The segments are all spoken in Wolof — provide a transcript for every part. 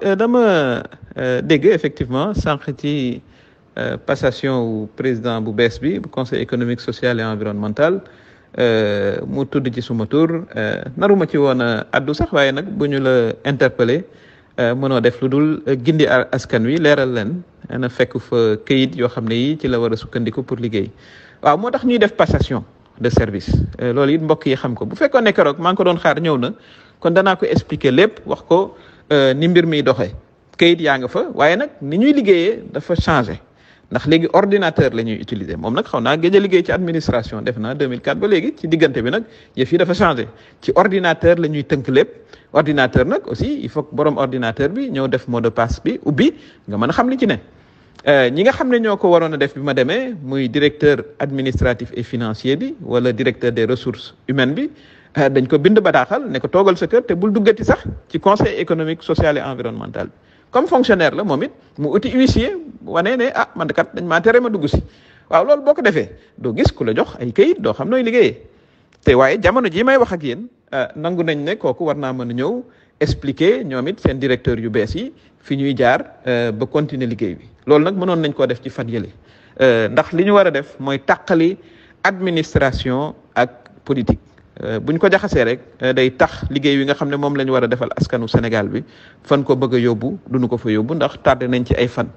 Euh, dama euh, dégg effectivement sànq ci euh, passation wu président bu bees bi conseil économique social et environnemental mu tudd ci suma tur naruma ci woon a addu sax waaye nag bu ñu la interpellé mënoo def lu dul gindi askan wi leeral leen na fekk fa këyit yoo xam ne yi ci la war a sukkandiku pour liggéey waaw moo tax ñuy def passation de service loolu it mbokk yi xam ko bu fekkoon ne keroog maa ngi ko doon xaar ñëw na kon danaa ko expliquer lépp wax Euh, ni mbir mi doxee kayit yaa nga fa waaye nag ni ñuy liggéeyee dafa changé ndax léegi ordinateur la ñuy utiliser moom nag xaw naa gëj a liggéey ci administration def naa 2004 ba léegi ci diggante bi nag yëf yi dafa changé ci ordinateur la ñuy tënk lépp ordinateur nag aussi il faut que borom ordinateur bi ñëw def mot de passe bi ubbi nga mën a xam li ci ne. Euh, ñi nga xam ne ñoo ko waroon a def bi ma demee muy directeur administratif et financier bi wala directeur des ressources humaines bi. Euh, dañ ko bind badaaxal ne ko toogal sa kër te bul duggati sax ci conseil économique social et environnemental comme fonctionnaire la moom it mu uti huissier wane ne ah man kat dañ tere ma dugg si waaw loolu boo ko defee doo gis ku la jox ay kayit doo xam nooy liggéeyee te waaye jamono jii may wax ak yéen euh, nangu nañ ne kooku war naa mën a ñëw expliquer ñoom it seen directeur yu bees yi fi ñuy jaar euh, ba continuer liggéey bi loolu nag mënoon nañ koo def ci fan yële ndax li ñu war a def mooy tàqali administration ak politique. Euh, bu ñu ko jaxasee rek euh, day tax liggéey wi nga xam ne moom la ñu war a defal askanu Sénégal bi fan ko bëgg a yóbbu duñu ko fo yóbbu ndax tardé nañ ci ay fan.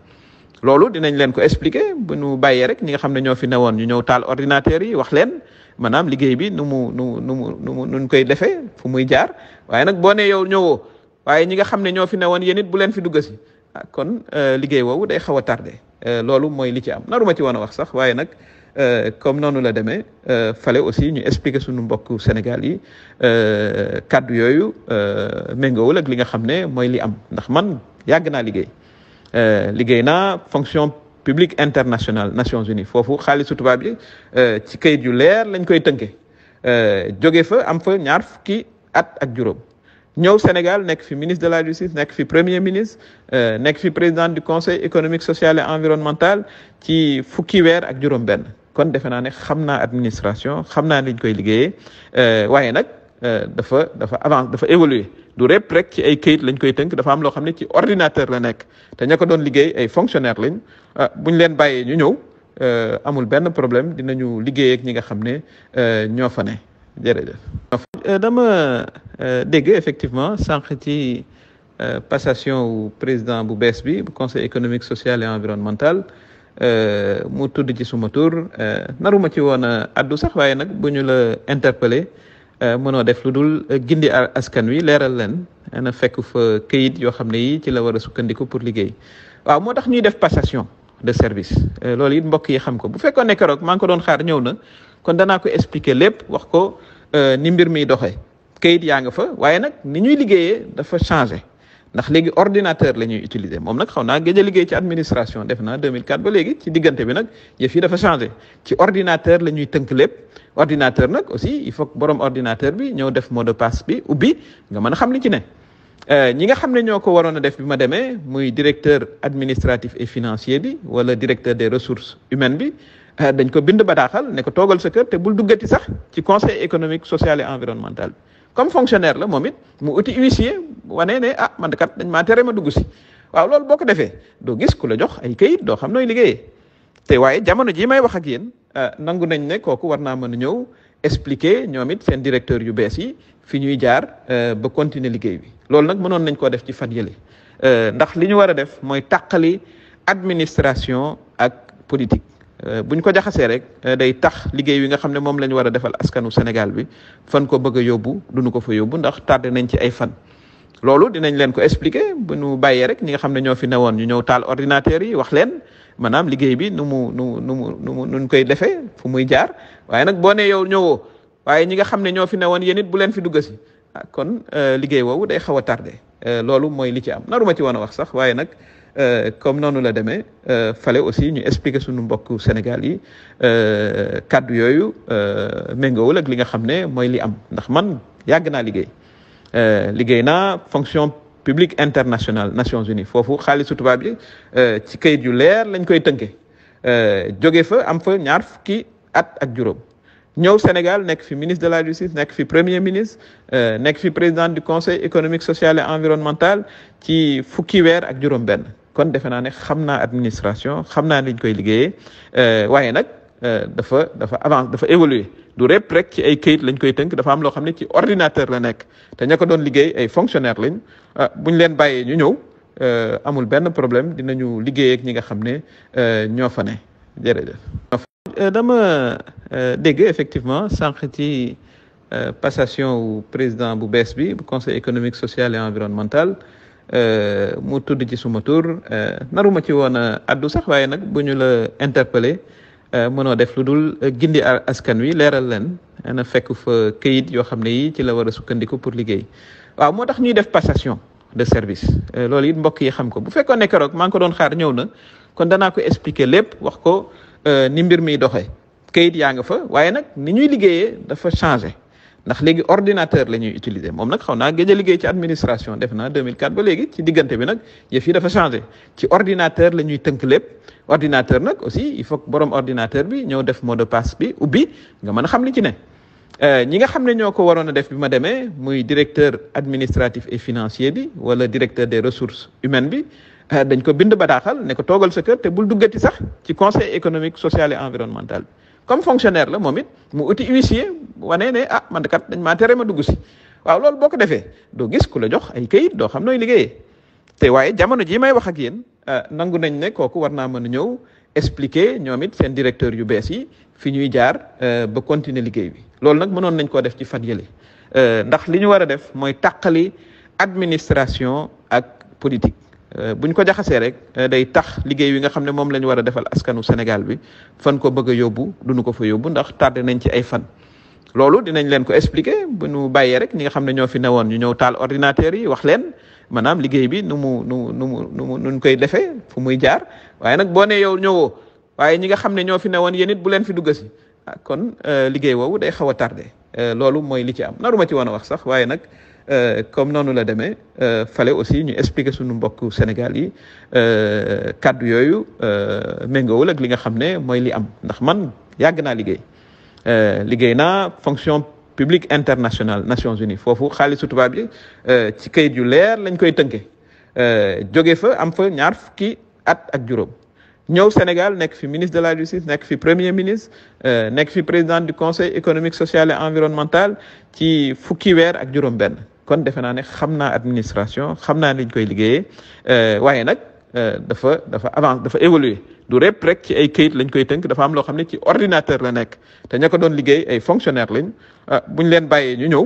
loolu dinañ leen ko expliquer bu ñu bàyyee rek ñi nga xam ne ñoo fi newoon ñu ñëw taal ordinateur yi wax leen maanaam liggéey bi nu mu nu nu mu nu koy defee fu muy jaar waaye nag boo ne yow ñëwoo waaye ñi nga xam ne ñoo fi newoon yéen bu leen fi dugg si ah, kon euh, liggéey woowu day xaw a tardé loolu mooy li ci am naruma ci woon a wax sax waaye nag. Euh, comme noonu la demee euh, fale aussi ñu expliquer suñu mbokku Sénégal yi euh, kàddu yooyu méngoowul ak li nga xam ne mooy li am ndax man yàgg naa liggéey liggéey naa fonction publique internationale Nations Unies foofu xaalisu tubaab yi ci kayit yu leer lañ koy tënke jóge fa am fa ñaar fukki at ak juróom ñëw Sénégal nekk fi ministre de la justice nekk fi premier ministre nekk fi président du conseil économique social et environnemental ci fukki weer ak juróom benn kon defe naa ne xam naa administration xam naa liñ koy liggéeyee euh, waaye nag euh, dafa dafa avance dafa évoluer du rép rek ci ay kayit lañ koy tënk dafa am loo xam ne ci ordinateur la nekk te ña ko doon liggéey ay fonctionnaire lañ ah, buñ leen bàyyee ñu ñëw euh, amul benn problème dinañu liggéey ak ñi nga xam ne ñoo fa ne jërëjëf. dama dégg effectivement sànq ci passation wu président bu bees bi bu conseil économique social et environnemental Euh, mu tudd ci suma tur euh, naruma ci woon addu sax waaye nag bu ñu la interpellé euh, mënoo def lu dul gindi askan wi leeral leen na fekk fa këyit yoo xam ne yi ci la war a sukkandiku pour liggéey waaw moo tax ñuy def passation de service loolu it mbokk yi xam ko bu fekkoon ne keroog maa ngi ko doon xaar ñëw na kon danaa ko expliquer lépp wax ko ni mbir mi doxee këyit yaa nga fa waaye nag ni ñuy liggéeyee dafa changé ndax léegi ordinateur la ñuy utiliser moom nag xaw naa gëj a liggéey ci administration def naa 2004 ba léegi ci diggante bi nag yëf fi dafa changé ci ordinateur la ñuy tënk lépp ordinateur nag aussi il faut que borom ordinateur bi ñëw def mot de passe bi ubbi nga mën a xam li ci ne. Euh, ñi nga xam ne ñoo ko waroon a def bi ma demee muy directeur administratif et financier bi wala directeur des ressources humaines bi euh, dañ ko bind bataaxal ne ko toogal sa kër te bul duggati sax ci conseil économique social et comme fonctionnaire la moom it mu uti huissier wane ne ah man dañ maa tere ma dugg si waaw loolu boo ko defee doo gis ku la jox ay kayit doo xam nooy liggéeyee te waaye jamono jii may wax ak yéen ah, nangu nañ ne kooku war naa mën a ñëw expliquer ñoom it seen directeur yu bees yi fi ñuy jaar eh, ba continuer liggéey bi loolu nag mënoon nañ koo def ci fan yële eh, ndax li ñu war a def mooy tàqali administration ak politique. Euh, bu ñu ko jaxasee rek euh, day tax liggéey wi nga xam ne moom la ñu war a defal askanu Sénégal bi fan ko bëgg a yóbbu duñu ko fa yóbbu ndax tardé nañ ci ay fan. loolu dinañ leen ko expliquer bu ñu bàyyee rek ñi nga xam ne ñoo fi newoon ñu ñëw taal ordinateur yi wax leen maanaam liggéey bi nu mu nu nu mu nu koy defee fu muy jaar waaye nag boo ne yow ñëwoo waaye ñi nga xam ne ñoo fi newoon yéen bu leen fi dugg si ah, kon euh, liggéey woowu day xaw a tardé loolu mooy li ci am naruma ci woon a wax sax waaye nag. Euh, comme noonu la demee euh, fale aussi ñu expliquer suñu mbokku Sénégal yi euh, kàddu yooyu méngoowul ak li nga xam ne mooy li am ndax man yàgg naa liggéey liggéey naa fonction publique internationale Nations Unies foofu xaalisu tubaab yi ci kayit yu leer lañ koy tënke jóge fa am fa ñaar fukki at ak juróom ñëw Sénégal nekk fi ministre de la justice nekk fi premier ministre nekk fi président du conseil économique social et environnemental ci fukki weer ak juróom benn kon defe naa ne xam naa administration xam naa liñ koy liggéeyee euh, waaye nag euh, dafa dafa avance dafa évoluer du rép rek ci ay kayit lañ koy tënk dafa am loo xam ne ci ordinateur la nekk te ña ko doon liggéey ay fonctionnaire lañ ah, buñ leen bàyyee ñu ñëw euh, amul benn problème dinañu liggéey ak ñi nga xam ne ñoo fa ne jërëjëf. dama dégg effectivement sànq ci passation wu président bu bees bi bu conseil économique social et environnemental. Euh, mu tudd ci suma tur euh, naruma ci woon a addu sax waaye nag bu ñu la interpellé euh, mënoo def lu dul gindi askan wi leeral leen na fekk fa këyit yoo xam ne yi ci la war a sukkandiku pour liggéey waaw moo tax ñuy def passation de service loolu it mbokk yi xam ko bu fekkoon ne keroog maa ngi ko doon xaar ñëw na kon danaa ko expliquer lépp wax ko ni mbir mi doxee këyit yaa nga fa waaye nag ni ñuy liggéeyee dafa changé ndax léegi ordinateur la ñuy utiliser moom nag xaw naa gëj a liggéey ci administration def naa 2004 ba léegi ci diggante bi nag yëf fi dafa changé ci ordinateur la ñuy tënk lépp ordinateur nag aussi il faut que borom ordinateur bi ñëw def mot de passe bi ubbi nga mën a xam li ci ne. Euh, ñi nga xam ne ñoo ko waroon a def bi ma demee muy directeur administratif et financier bi wala directeur des ressources humaines bi euh, dañ ko bind bataaxal ne ko toogal sa kër te bul duggati sax ci conseil économique social et environnemental comme fonctionnaire la moom it mu uti huissier wane ne ah man dañ maa tere ma dugg si waaw loolu boo ko defee doo gis ku la jox ay kayit doo xam nooy liggéeyee te waaye jamono jii may wax ak yéen ah, nangu nañ ne kooku war naa mën a ñëw expliquer ñoom it seen directeur yu bees yi fi ñuy jaar eh, ba continuer liggéey bi loolu nag mënoon nañ koo def ci fan yële eh, ndax li ñu war a def mooy tàqali administration ak politique Euh, bu ñu ko jaxasee rek euh, day tax liggéey wi nga xam ne moom la ñu war a defal askanu Sénégal bi fan ko bëgg a yóbbu duñu ko fo yóbbu ndax tardé nañ ci ay fan. loolu dinañ leen ko expliquer bu ñu bàyyee rek ñi nga xam ne ñoo fi newoon ñu ñëw taal ordinateur yi wax leen maanaam liggéey bi nu mu nu nu mu nu mu nu koy defee fu muy jaar waaye nag boo nee yow ñëwoo waaye ñi nga xam ne ñoo fi newoon yéen it bu leen fi dugg si ah, kon euh, liggéey woowu day xaw a tardé loolu mooy li ci am naruma ci woon a wax sax waaye nag. Euh, comme noonu la demee euh, fale aussi ñu expliquer suñu mbokku Sénégal yi euh, kàddu yooyu méngoowul ak li nga xam ne mooy li am ndax man yàgg naa liggéey liggéey naa fonction publique internationale Nations Unies foofu xaalisu tubaab yi ci kayit yu leer lañ koy tënke jóge fa am fa ñaar fukki at ak juróom ñëw Sénégal nekk fi ministre de la justice nekk fi premier ministre nekk fi président du conseil économique social et environnemental ci fukki weer ak juróom benn kon defe naa ne xam naa administration xam naa liñ koy liggéeye euh, waaye nag euh, dafa dafa avance dafa évoluer du répp rek ci ay kayit lañ koy tënk dafa am loo xam ne ci ordinateur la nekk te ña ko doon liggéey ay fonctionnaire lañ euh, buñ leen bàyyee ñu ñëw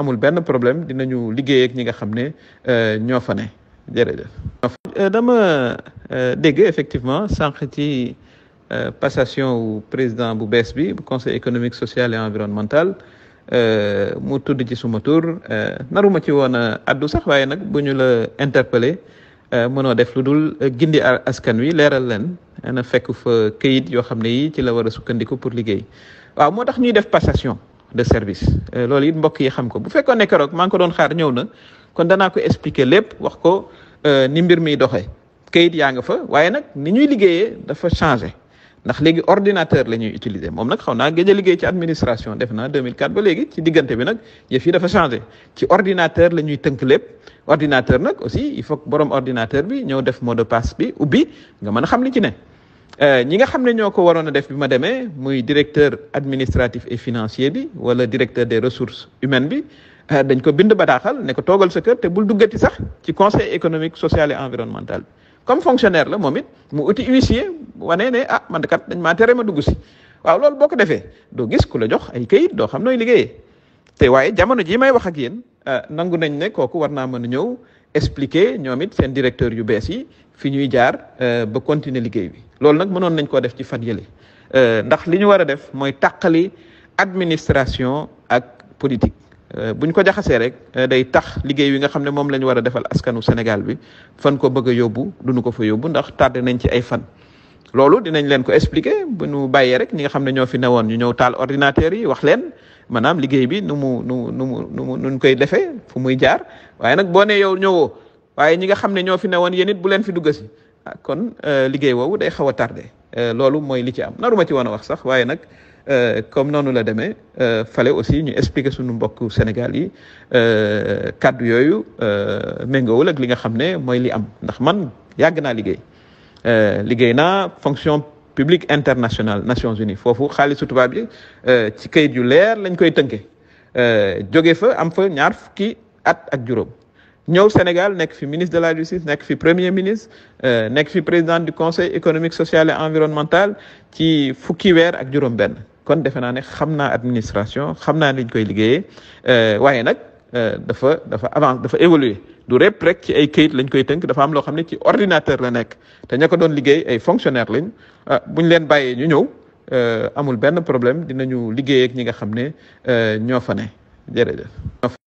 amul benn problème dinañu liggéey ak ñi nga xam ne ñoo fa ne jërëjëf. dama dégg effectivement sànq ci passation wu président bu bees bi conseil économique social et environnemental Euh, mu tudd ci suma tur euh, naruma ci woon addu sax waaye nag bu ñu la interpellé euh, mënoo def lu dul gindi askan wi leeral leen na fekk fa këyit yoo xam ne yi ci la war a sukkandiku pour liggéey waaw moo tax ñuy def passation de service loolu it mbokk yi xam ko bu fekkoon ne keroog maa ngi ko doon xaar ñëw na kon danaa ko expliquer lépp wax ko ni mbir mi doxee këyit yaa nga fa waaye nag ni ñuy liggéeyee dafa changé ndax léegi ordinateur la ñuy utiliser moom nag xaw naa gëj a liggéey ci administration def naa 2004 ba léegi ci diggante bi nag yëf fi dafa changé ci ordinateur la ñuy tënk lépp ordinateur nag aussi il faut que borom ordinateur bi ñëw def mot de passe bi ubbi nga mën a xam li ci ne. Euh, ñi nga xam ne ñoo ko waroon a def bi ma demee muy directeur administratif et financier bi wala directeur des ressources humaines bi euh, dañ ko bind bataaxal ne ko toogal sa kër te bul duggati sax ci conseil économique social et environnemental la moom it wanee ne ah man dañ maa tere ma dugg si waaw lool boo ko defee doo gis ku la jox a kayit doo xam nooy liggéeyee te waaye jamono jii may wax ak yéen ah, nangu nañ ne ko war naa mën a ñëw expliquer ñoom it seen directeur yu bees yi fi ñuy jaar eh, ba continuer liggéey bi loolu nag mënoon nañ koo def ci fan yële eh, ndax li ñu war a def mooy tàqali administration ak politique eh, bu ñu ko jaxasee rek day tax liggéey wi nga xam ne moom la ñu war a defal askanu Sénégal bi fan ko bëgg a yóbbu duñu ko fa yóbbu ndax tardé nañ ci ay fan loolu dinañ leen ko expliquer bu ñu bàyyee rek ñi nga xam ne ñoo fi newoon ñu ñëw taal ordinateur yi wax leen maanaam liggéey bi nu mu nu nu mu nu koy defee fu muy jaar waaye nag boo nee yow ñëwoo waaye ñi nga xam ne ñoo fi newoon yéen bu leen fi dugg si ah kon euh, liggéey woowu day xaw a tardé euh, loolu mooy li ci am naruma ci woon a wax sax waaye nag euh, comme noonu la demee fale aussi ñu expliquer suñu mbokku Sénégal yi kàddu yooyu méngoowul ak li nga xam ne mooy li am ndax man yàgg naa liggéey. Euh, liggéey naa fonction publique internationale Nations Unies foofu xaalisu tubaab yi euh, ci kayit yu leer lañ koy tënke euh, jóge fa am fa ñaar fukki at ak juróom ñëw Sénégal nekk fi ministre de la justice nekk fi premier ministre nekk fi président du conseil économique sociale et environnemental ci fukki weer ak juróom-benn kon defe naa ne xam naa administration xam naa liñ koy liggéeyee waaye nag dafa dafa avance dafa évoluer du répp rek ci ay kayit lañ koy tënk dafa am loo xam ne ci ordinateur la nekk te ña ko doon liggéey ay fonctionnaire lañ ah, buñ leen bàyyee ñu ñëw euh, amul benn problème dinañu liggéey ak ñi nga xam ne euh, ñoo fa ne jërëjëf